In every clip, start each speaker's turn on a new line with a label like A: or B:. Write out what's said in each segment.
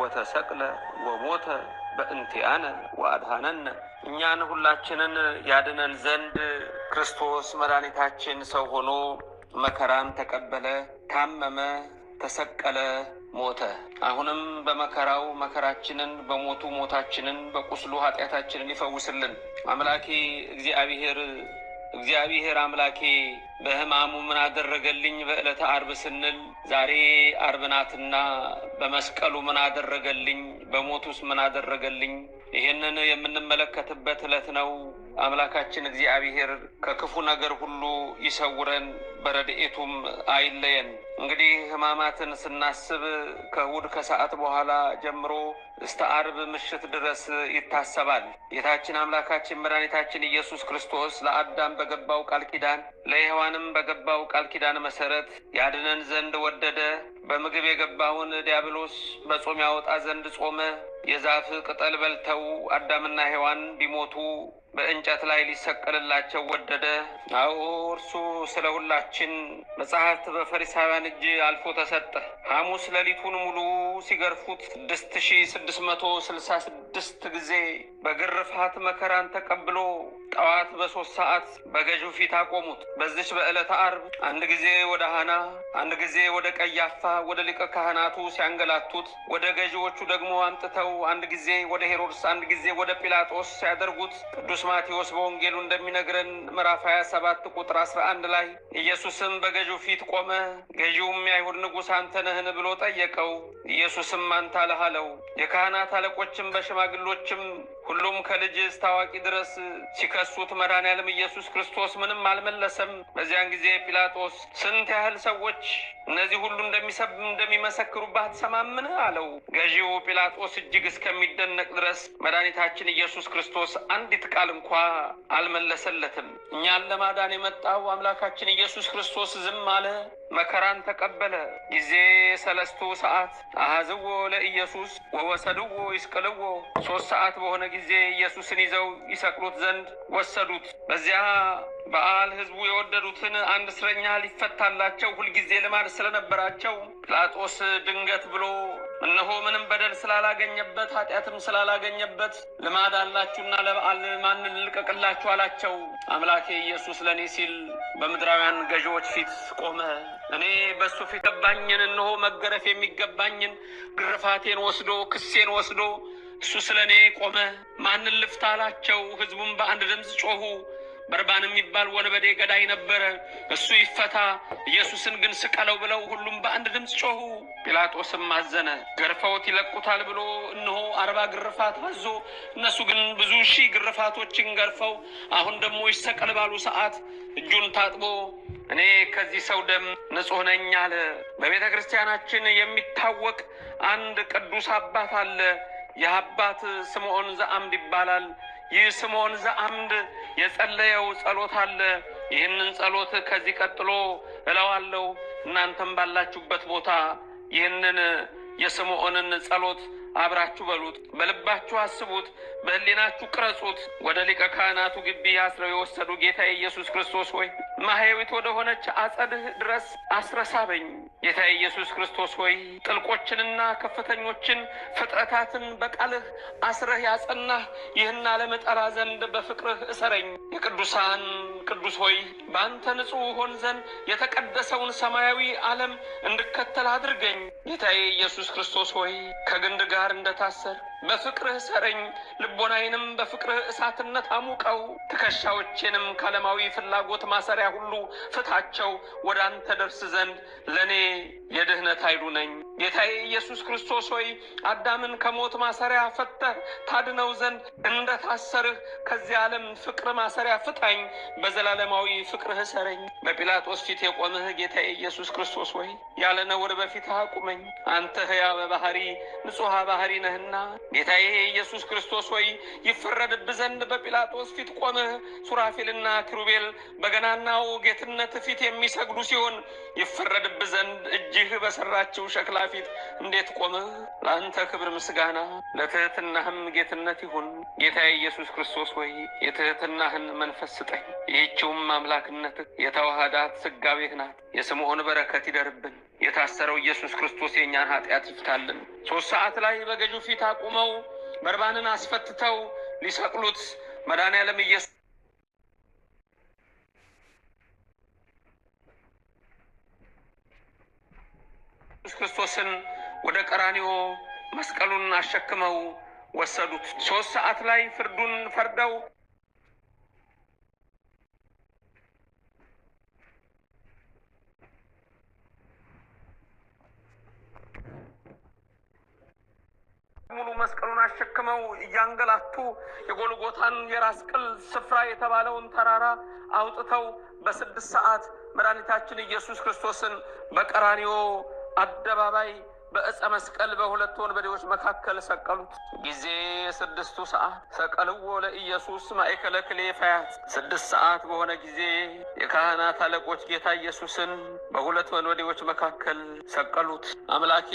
A: ወተሰቅለ ወሞተ በእንቲአነ ወአድሃነነ እኛን ሁላችንን ያድነን ዘንድ ክርስቶስ መድኃኒታችን ሰው ሆኖ መከራን ተቀበለ፣ ታመመ፣ ተሰቀለ፣ ሞተ። አሁንም በመከራው መከራችንን፣ በሞቱ ሞታችንን፣ በቁስሉ ኃጢአታችንን ይፈውስልን። አምላኬ እግዚአብሔር እግዚአብሔር አምላኬ በሕማሙ ምን አደረገልኝ በዕለተ አርብ ስንል ዛሬ አርብ ናትና በመስቀሉ ምን አደረገልኝ፣ በሞቱስ ምን አደረገልኝ ይህንን የምንመለከትበት ዕለት ነው። አምላካችን እግዚአብሔር ከክፉ ነገር ሁሉ ይሰውረን። በረድኤቱም አይለየን። እንግዲህ ሕማማትን ስናስብ ከእሑድ ከሰዓት በኋላ ጀምሮ እስተ አርብ ምሽት ድረስ ይታሰባል። ጌታችን አምላካችን መድኃኒታችን ኢየሱስ ክርስቶስ ለአዳም በገባው ቃል ኪዳን ለሔዋንም በገባው ቃል ኪዳን መሰረት ያድነን ዘንድ ወደደ። በምግብ የገባውን ዲያብሎስ በጾም ያወጣ ዘንድ ጾመ። የዛፍ ቅጠል በልተው አዳምና ሔዋን ቢሞቱ በእንጨት ላይ ሊሰቀልላቸው ወደደ። አዎ እርሱ ስለ ሁላቸው ጌታችን መጽሐፍት በፈሪሳውያን እጅ አልፎ ተሰጠ። ሐሙስ ሌሊቱን ሙሉ ሲገርፉት ስድስት ሺህ ስድስት መቶ ስልሳ ስድስት ጊዜ በግርፋት መከራን ተቀብሎ ጠዋት በሶስት ሰዓት በገዢው ፊት አቆሙት። በዚች በዕለተ አርብ አንድ ጊዜ ወደ ሐና፣ አንድ ጊዜ ወደ ቀያፋ ወደ ሊቀ ካህናቱ ሲያንገላቱት፣ ወደ ገዢዎቹ ደግሞ አምጥተው አንድ ጊዜ ወደ ሄሮድስ፣ አንድ ጊዜ ወደ ጲላጦስ ሲያደርጉት ቅዱስ ማቴዎስ በወንጌሉ እንደሚነግረን ምዕራፍ 27 ቁጥር 11 ላይ ኢየሱስም በገዢው ፊት ቆመ። ገዢውም የአይሁድ ንጉሥ አንተ ነህን ብሎ ጠየቀው። ኢየሱስም አንተ አልህ አለው። የካህናት አለቆችም በሽማግሎችም ሁሉም ከልጅ እስከ ድረስ ሲከሱት መድኃኔዓለም ኢየሱስ ክርስቶስ ምንም አልመለሰም። በዚያን ጊዜ ጲላጦስ ስንት ያህል ሰዎች እነዚህ ሁሉ እንደሚሰብ እንደሚመሰክሩባት ሰማምን አለው። ገዢው ጲላጦስ እጅግ እስከሚደነቅ ድረስ መድኃኒታችን ኢየሱስ ክርስቶስ አንዲት ቃል እንኳ አልመለሰለትም። እኛን ለማዳን የመጣው አምላካችን ኢየሱስ ክርስቶስ ዝም አለ። መከራን ተቀበለ። ጊዜ ሰለስቱ ሰዓት አሐዝዎ ለኢየሱስ ወወሰድዎ ይስቅልዎ። ሦስት ሰዓት በሆነ ጊዜ ኢየሱስን ይዘው ይሰቅሉት ዘንድ ወሰዱት። በዚያ በዓል ሕዝቡ የወደዱትን አንድ እስረኛ ሊፈታላቸው ሁልጊዜ ልማድ ስለነበራቸው ጲላጦስ ድንገት ብሎ እነሆ ምንም በደል ስላላገኘበት ኃጢአትም ስላላገኘበት ልማድ አላችሁና ለበዓል ማንን ልልቀቅላችሁ አላቸው። አምላኬ ኢየሱስ ለእኔ ሲል በምድራውያን ገዢዎች ፊት ቆመ። እኔ በእሱ ፊት ገባኝን እነሆ መገረፍ የሚገባኝን ግርፋቴን ወስዶ ክሴን ወስዶ እሱ ስለ እኔ ቆመ። ማንን ልፍታ አላቸው። ህዝቡም በአንድ ድምፅ ጮሁ። በርባን የሚባል ወንበዴ ገዳይ ነበረ፣ እሱ ይፈታ፣ ኢየሱስን ግን ስቀለው ብለው ሁሉም በአንድ ድምፅ ጮሁ። ጲላጦስም አዘነ። ገርፈውት ይለቁታል ብሎ እነሆ አርባ ግርፋት አዞ እነሱ ግን ብዙ ሺህ ግርፋቶችን ገርፈው አሁን ደግሞ ይሰቀል ባሉ ሰዓት እጁን ታጥቦ እኔ ከዚህ ሰው ደም ንጹሕ ነኝ አለ። በቤተ ክርስቲያናችን የሚታወቅ አንድ ቅዱስ አባት አለ። የአባት ስምዖን ዘአምድ ይባላል። ይህ ስምዖን ዘአምድ የጸለየው ጸሎት አለ። ይህንን ጸሎት ከዚህ ቀጥሎ እለዋለሁ። እናንተም ባላችሁበት ቦታ ይህንን የስምዖንን ጸሎት አብራችሁ በሉት፣ በልባችሁ አስቡት፣ በህሊናችሁ ቅረጹት። ወደ ሊቀ ካህናቱ ግቢ አስረው የወሰዱ ጌታ ኢየሱስ ክርስቶስ ሆይ ማህያዊት ወደሆነች አጸድህ ድረስ አስረሳበኝ። ጌታ ኢየሱስ ክርስቶስ ሆይ ጥልቆችንና ከፍተኞችን ፍጥረታትን በቃልህ አስረህ ያጸናህ ይህን ዓለም ዘንድ በፍቅርህ እሰረኝ። የቅዱሳን ቅዱስ ሆይ በአንተ ንጹሕ ሆን ዘንድ የተቀደሰውን ሰማያዊ ዓለም እንድከተል አድርገኝ። ጌታዬ ኢየሱስ ክርስቶስ ሆይ ከግንድ ጋር ጋር እንደታሰር በፍቅርህ ሰረኝ ልቦናዬንም በፍቅርህ እሳትነት አሙቀው ትከሻዎቼንም ካለማዊ ፍላጎት ማሰሪያ ሁሉ ፍታቸው። ወደ አንተ ደርስ ዘንድ ለእኔ የድህነት ኃይሉ ነኝ። ጌታዬ ኢየሱስ ክርስቶስ ሆይ አዳምን ከሞት ማሰሪያ ፈተህ ታድነው ዘንድ እንደ ታሰርህ ከዚህ ዓለም ፍቅር ማሰሪያ ፍታኝ፣ በዘላለማዊ ፍቅርህ ሰረኝ። በጲላጦስ ፊት የቆምህ ጌታዬ ኢየሱስ ክርስቶስ ሆይ ያለ ነውር በፊትህ አቁመኝ። አንተ ሕያ በባህሪ ንጹሐ ባህሪ ነህና ጌታዬ ኢየሱስ ክርስቶስ ሆይ ይፈረድብ ዘንድ በጲላጦስ ፊት ቆምህ። ሱራፌልና ኪሩቤል በገናናው ጌትነት ፊት የሚሰግዱ ሲሆን ይፈረድብ ዘንድ እጅህ በሰራችው ሸክላ ፊት እንዴት ቆምህ? ለአንተ ክብር ምስጋና ለትህትናህም ጌትነት ይሁን። ጌታዬ ኢየሱስ ክርስቶስ ሆይ የትህትናህን መንፈስ ስጠኝ። ይህችውም አምላክነት የተዋህዳት ስጋቤህ ናት። የስምዖን በረከት ይደርብን። የታሰረው ኢየሱስ ክርስቶስ የእኛን ኃጢአት ይፍታልን። ሶስት ሰዓት ላይ በገዡ ፊት አቁመው በርባንን አስፈትተው ሊሰቅሉት መድኃኔዓለም ኢየሱስ ክርስቶስን ወደ ቀራኒዮ መስቀሉን አሸክመው ወሰዱት። ሶስት ሰዓት ላይ ፍርዱን ፈርደው ሙሉ መስቀሉን አሸክመው እያንገላቱ የጎልጎታን የራስ ቅል ስፍራ የተባለውን ተራራ አውጥተው በስድስት ሰዓት መድኃኒታችን ኢየሱስ ክርስቶስን በቀራኒዮ አደባባይ በእፀ መስቀል በሁለት ወንበዴዎች መካከል ሰቀሉት። ጊዜ ስድስቱ ሰዓት ሰቀልዎ ለኢየሱስ ማእከለ ክሌ ፈያት። ስድስት ሰዓት በሆነ ጊዜ የካህናት አለቆች ጌታ ኢየሱስን በሁለት ወንበዴዎች መካከል ሰቀሉት። አምላኬ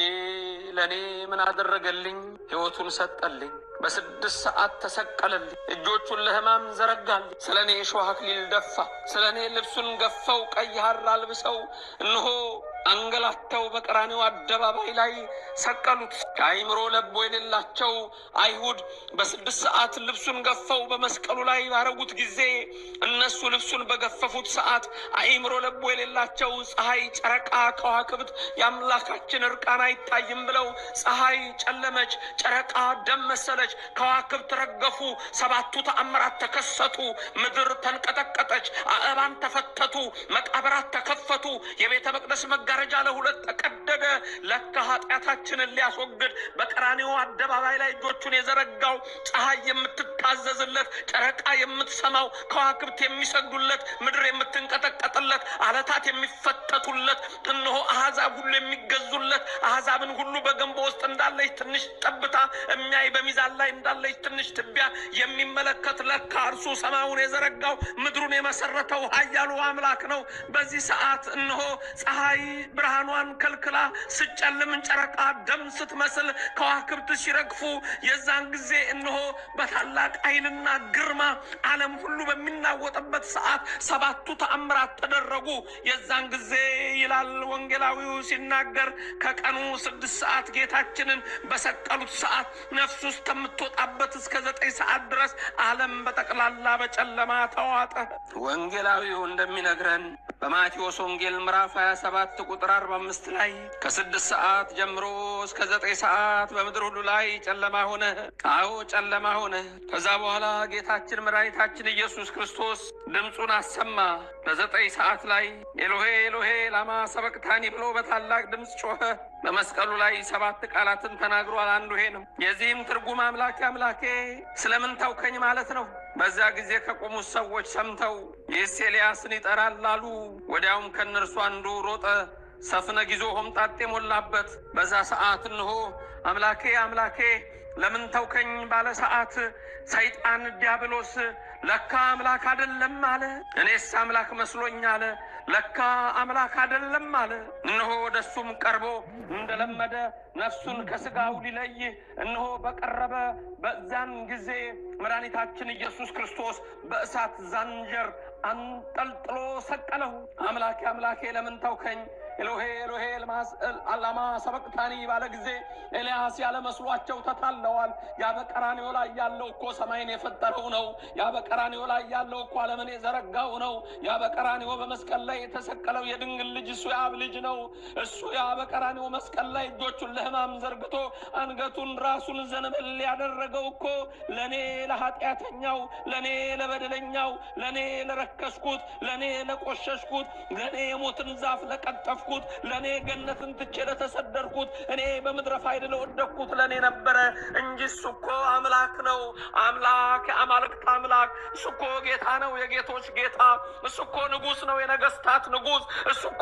A: ለእኔ ምን አደረገልኝ? ሕይወቱን ሰጠልኝ። በስድስት ሰዓት ተሰቀለልኝ። እጆቹን ለሕማም ዘረጋልኝ። ስለ እኔ የሾህ አክሊል ደፋ። ስለ እኔ ልብሱን ገፈው ቀይ ሐር አልብሰው እንሆ አንገላተው በቀራኔው አደባባይ ላይ ሰቀሉት። የአእምሮ ለቦ የሌላቸው አይሁድ በስድስት ሰዓት ልብሱን ገፈው በመስቀሉ ላይ ባረጉት ጊዜ እነሱ ልብሱን በገፈፉት ሰዓት አእምሮ ለቦ የሌላቸው ፀሐይ፣ ጨረቃ፣ ከዋክብት የአምላካችን እርቃን አይታይም ብለው ፀሐይ ጨለመች፣ ጨረቃ ደም መሰለች፣ ከዋክብት ረገፉ፣ ሰባቱ ተአምራት ተከሰቱ፣ ምድር ተንቀጠቀጠች፣ አእባን ተፈተቱ፣ መቃብራት ተከፈቱ፣ የቤተ መቅደስ መጋ ደረጃ ለሁለት ተቀደደ። ለካ ኃጢአታችንን ሊያስወግድ በቀራንዮ አደባባይ ላይ እጆቹን የዘረጋው ፀሐይ የምትታዘዝለት፣ ጨረቃ የምትሰማው፣ ከዋክብት የሚሰግዱለት፣ ምድር የምትንቀጠቀጥለት፣ አለታት የሚፈተቱለት፣ እነሆ አሕዛብ ሁሉ የሚገዙለት፣ አሕዛብን ሁሉ በገንቦ ውስጥ እንዳለች ትንሽ ጠብታ የሚያይ በሚዛን ላይ እንዳለች ትንሽ ትቢያ የሚመለከት ለካ እርሱ ሰማዩን የዘረጋው ምድሩን የመሰረተው ኃያሉ አምላክ ነው። በዚህ ሰዓት እነሆ ፀሐይ ብርሃኗን ከልክላ ስጨልምን ጨረቃ ደም ስትመስል ከዋክብት ሲረግፉ የዛን ጊዜ እነሆ በታላቅ ኃይልና ግርማ ዓለም ሁሉ በሚናወጥበት ሰዓት ሰባቱ ተአምራት ተደረጉ። የዛን ጊዜ ይላል ወንጌላዊው ሲናገር ከቀኑ ስድስት ሰዓት ጌታችንን በሰቀሉት ሰዓት ነፍሱ እስከምትወጣበት እስከ ዘጠኝ ሰዓት ድረስ ዓለም በጠቅላላ በጨለማ ተዋጠ። ወንጌላዊው እንደሚነግረን በማቴዎስ ወንጌል ምዕራፍ 27 ቁጥር 45 ላይ ከስድስት ሰዓት ጀምሮ እስከ ዘጠኝ ሰዓት በምድር ሁሉ ላይ ጨለማ ሆነ። አዎ ጨለማ ሆነ። ከዛ በኋላ ጌታችን መድኃኒታችን ኢየሱስ ክርስቶስ ድምፁን አሰማ። በዘጠኝ ሰዓት ላይ ኤሎሄ ኤሎሄ ላማ ሰበቅታኒ ብሎ በታላቅ ድምፅ ጮኸ። በመስቀሉ ላይ ሰባት ቃላትን ተናግሯል። አንዱ ይሄ ነው። የዚህም ትርጉም አምላኬ አምላኬ ስለምን ተውከኝ ማለት ነው። በዚያ ጊዜ ከቆሙት ሰዎች ሰምተው ይህስ ኤልያስን ይጠራል አሉ። ወዲያውም ከእነርሱ አንዱ ሮጠ ሰፍነ ጊዞ ሆምጣጤ ሞላበት። በዛ ሰዓት እንሆ አምላኬ አምላኬ ለምን ተውከኝ ባለ ሰዓት ሰይጣን ዲያብሎስ ለካ አምላክ አደለም አለ። እኔስ አምላክ መስሎኝ አለ። ለካ አምላክ አደለም አለ። እንሆ ወደሱም ቀርቦ እንደለመደ ነፍሱን ከስጋው ሊለይ እንሆ በቀረበ በዛን ጊዜ መድኃኒታችን ኢየሱስ ክርስቶስ በእሳት ዛንጀር አንጠልጥሎ ሰቀለው። አምላኬ አምላኬ ለምን ተውከኝ ኤሎሄ ኤሎሄ አላማ ሰበቅታኒ ባለ ጊዜ ኤልያስ ያለ መስሏቸው ተታለዋል። ያ በቀራንዮ ላይ ያለው እኮ ሰማይን የፈጠረው ነው። ያ ላይ ያለው እኮ ዓለምን የዘረጋው ነው። ያ በመስቀል ላይ የተሰቀለው የድንግል ልጅ እሱ የአብ ልጅ ነው። እሱ ያ መስቀል ላይ እጆቹን ለሕማም ዘርግቶ አንገቱን ራሱን ዘንበል ያደረገው እኮ ለእኔ ለኃጢአተኛው፣ ለእኔ ለበደለኛው፣ ለእኔ ለረከስኩት፣ ለእኔ ለቆሸሽኩት፣ ለእኔ የሞትን ዛፍ ለቀጠፉ ለተገረፍኩት፣ ለእኔ ገነትን ትቼ ለተሰደርኩት እኔ በምድረ ፋይድ ለወደኩት ለእኔ ነበረ እንጂ እሱ እኮ አምላክ ነው። አምላክ የአማልክት አምላክ። እሱ እኮ ጌታ ነው፣ የጌቶች ጌታ። እሱ እኮ ነው፣ የነገስታት ንጉስ እሱ እኮ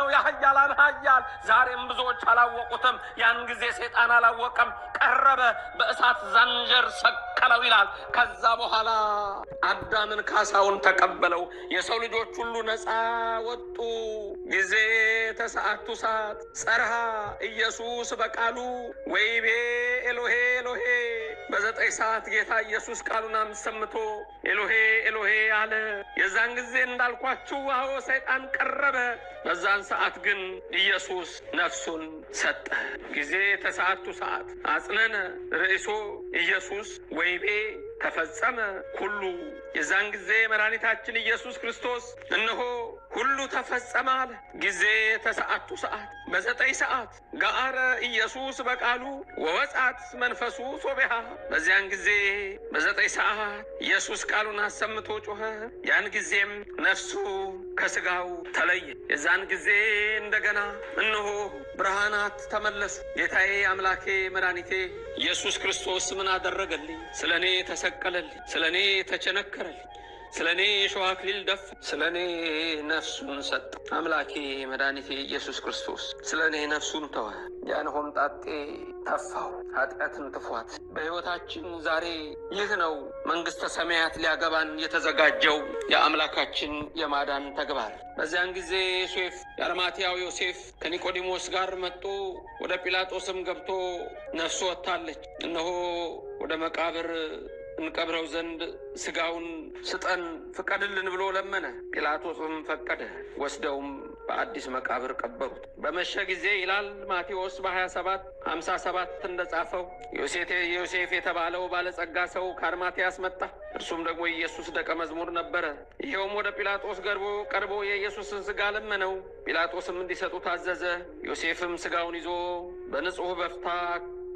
A: ነው፣ የሀያላን ሀያል። ዛሬም ብዙዎች አላወቁትም። ያን ጊዜ ሰይጣን አላወቀም። ቀረበ በእሳት ዘንጀር ሰ ሰቀለው ይላል። ከዛ በኋላ አዳምን ካሳውን ተቀበለው። የሰው ልጆች ሁሉ ነፃ ወጡ። ጊዜ ተሰአቱ ሳት ጸርሃ ኢየሱስ በቃሉ ወይቤ ኤሎሄ ኤሎሄ ዘጠኝ ሰዓት ጌታ ኢየሱስ ቃሉን አሰምቶ ኤሎሄ ኤሎሄ አለ። የዛን ጊዜ እንዳልኳችሁ አዎ ሰይጣን ቀረበ። በዛን ሰዓት ግን ኢየሱስ ነፍሱን ሰጠ። ጊዜ ተሰዓቱ ሰዓት አጽነነ ርእሶ ኢየሱስ ወይቤ ተፈጸመ ሁሉ። የዛን ጊዜ መድኃኒታችን ኢየሱስ ክርስቶስ እነሆ ሁሉ ተፈጸመ አለ። ጊዜ ተሰዓቱ ሰዓት በዘጠኝ ሰዓት ጋረ ኢየሱስ በቃሉ ወወጻት መንፈሱ ሶቤሃ። በዚያን ጊዜ በዘጠኝ ሰዓት ኢየሱስ ቃሉን አሰምቶ ጮኸ። ያን ጊዜም ነፍሱ ከስጋው ተለየ። የዛን ጊዜ እንደገና እነሆ ብርሃናት ተመለሱ። ጌታዬ አምላኬ መድኃኒቴ ኢየሱስ ክርስቶስ ምን አደረገልኝ? ስለ እኔ ተሰቀለልኝ፣ ስለ እኔ ተቸነከረልኝ ስለ እኔ የሸዋ አክሊል ደፋ፣ ስለ እኔ ነፍሱን ሰጠ። አምላኬ መድኃኒቴ ኢየሱስ ክርስቶስ ስለ እኔ ነፍሱን ተወ። ያን ሆምጣጤ ተፋው፣ ኃጢአትን ትፏት። በሕይወታችን ዛሬ ይህ ነው መንግሥተ ሰማያት ሊያገባን የተዘጋጀው የአምላካችን የማዳን ተግባር። በዚያን ጊዜ ዮሴፍ የአርማትያው ዮሴፍ ከኒቆዲሞስ ጋር መጡ። ወደ ጲላጦስም ገብቶ ነፍሱ ወጥታለች፣ እነሆ ወደ መቃብር እንቀብረው ዘንድ ስጋውን ስጠን ፍቀድልን ብሎ ለመነ። ጲላጦስም ፈቀደ። ወስደውም በአዲስ መቃብር ቀበሩት። በመሸ ጊዜ ይላል ማቴዎስ በ27 57 እንደጻፈው ዮሴፍ የተባለው ባለጸጋ ሰው ከአርማትያስ መጣ። እርሱም ደግሞ ኢየሱስ ደቀ መዝሙር ነበረ። ይኸውም ወደ ጲላጦስ ገርቦ ቀርቦ የኢየሱስን ስጋ ለመነው። ጲላጦስም እንዲሰጡ ታዘዘ። ዮሴፍም ስጋውን ይዞ በንጹሕ በፍታ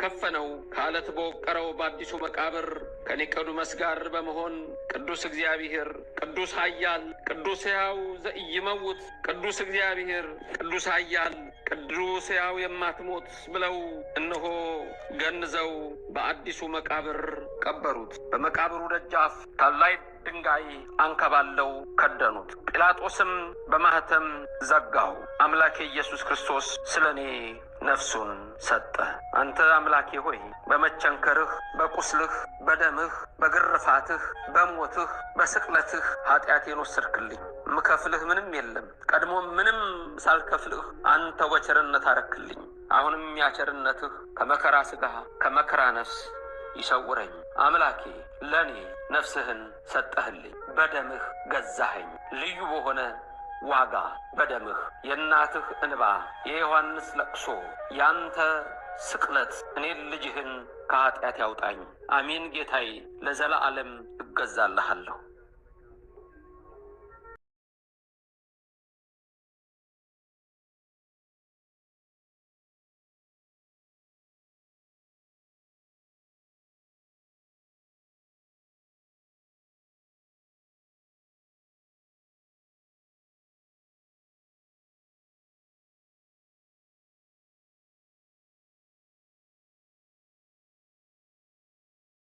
A: ከፈነው ከአለት በወቀረው በአዲሱ መቃብር ከኒቆዲሞስ ጋር በመሆን ቅዱስ እግዚአብሔር ቅዱስ ኃያል ቅዱስ ሕያው ዘኢይመውት ቅዱስ እግዚአብሔር ቅዱስ ኃያል ቅዱስ ሕያው የማትሞት ብለው እነሆ ገንዘው በአዲሱ መቃብር ቀበሩት። በመቃብሩ ደጃፍ ታላይ ድንጋይ አንከባለው ከደኑት። ጲላጦስም በማህተም ዘጋው። አምላኬ ኢየሱስ ክርስቶስ ስለ እኔ ነፍሱን ሰጠ። አንተ አምላኬ ሆይ በመቸንከርህ፣ በቁስልህ፣ በደምህ፣ በግርፋትህ፣ በሞትህ፣ በስቅለትህ ኃጢአቴን ወሰድክልኝ። ምከፍልህ ምንም የለም። ቀድሞ ምንም ሳልከፍልህ አንተ በቸርነት አረክልኝ። አሁንም ያቸርነትህ ከመከራ ሥጋ ከመከራ ነፍስ ይሰውረኝ። አምላኬ ለእኔ ነፍስህን ሰጠህልኝ፣ በደምህ ገዛኸኝ ልዩ በሆነ ዋጋ በደምህ የእናትህ እንባ የዮሐንስ ለቅሶ ያንተ ስቅለት እኔን ልጅህን ከኃጢአት ያውጣኝ። አሜን ጌታዬ፣ ለዘላ ዓለም እገዛልሃለሁ።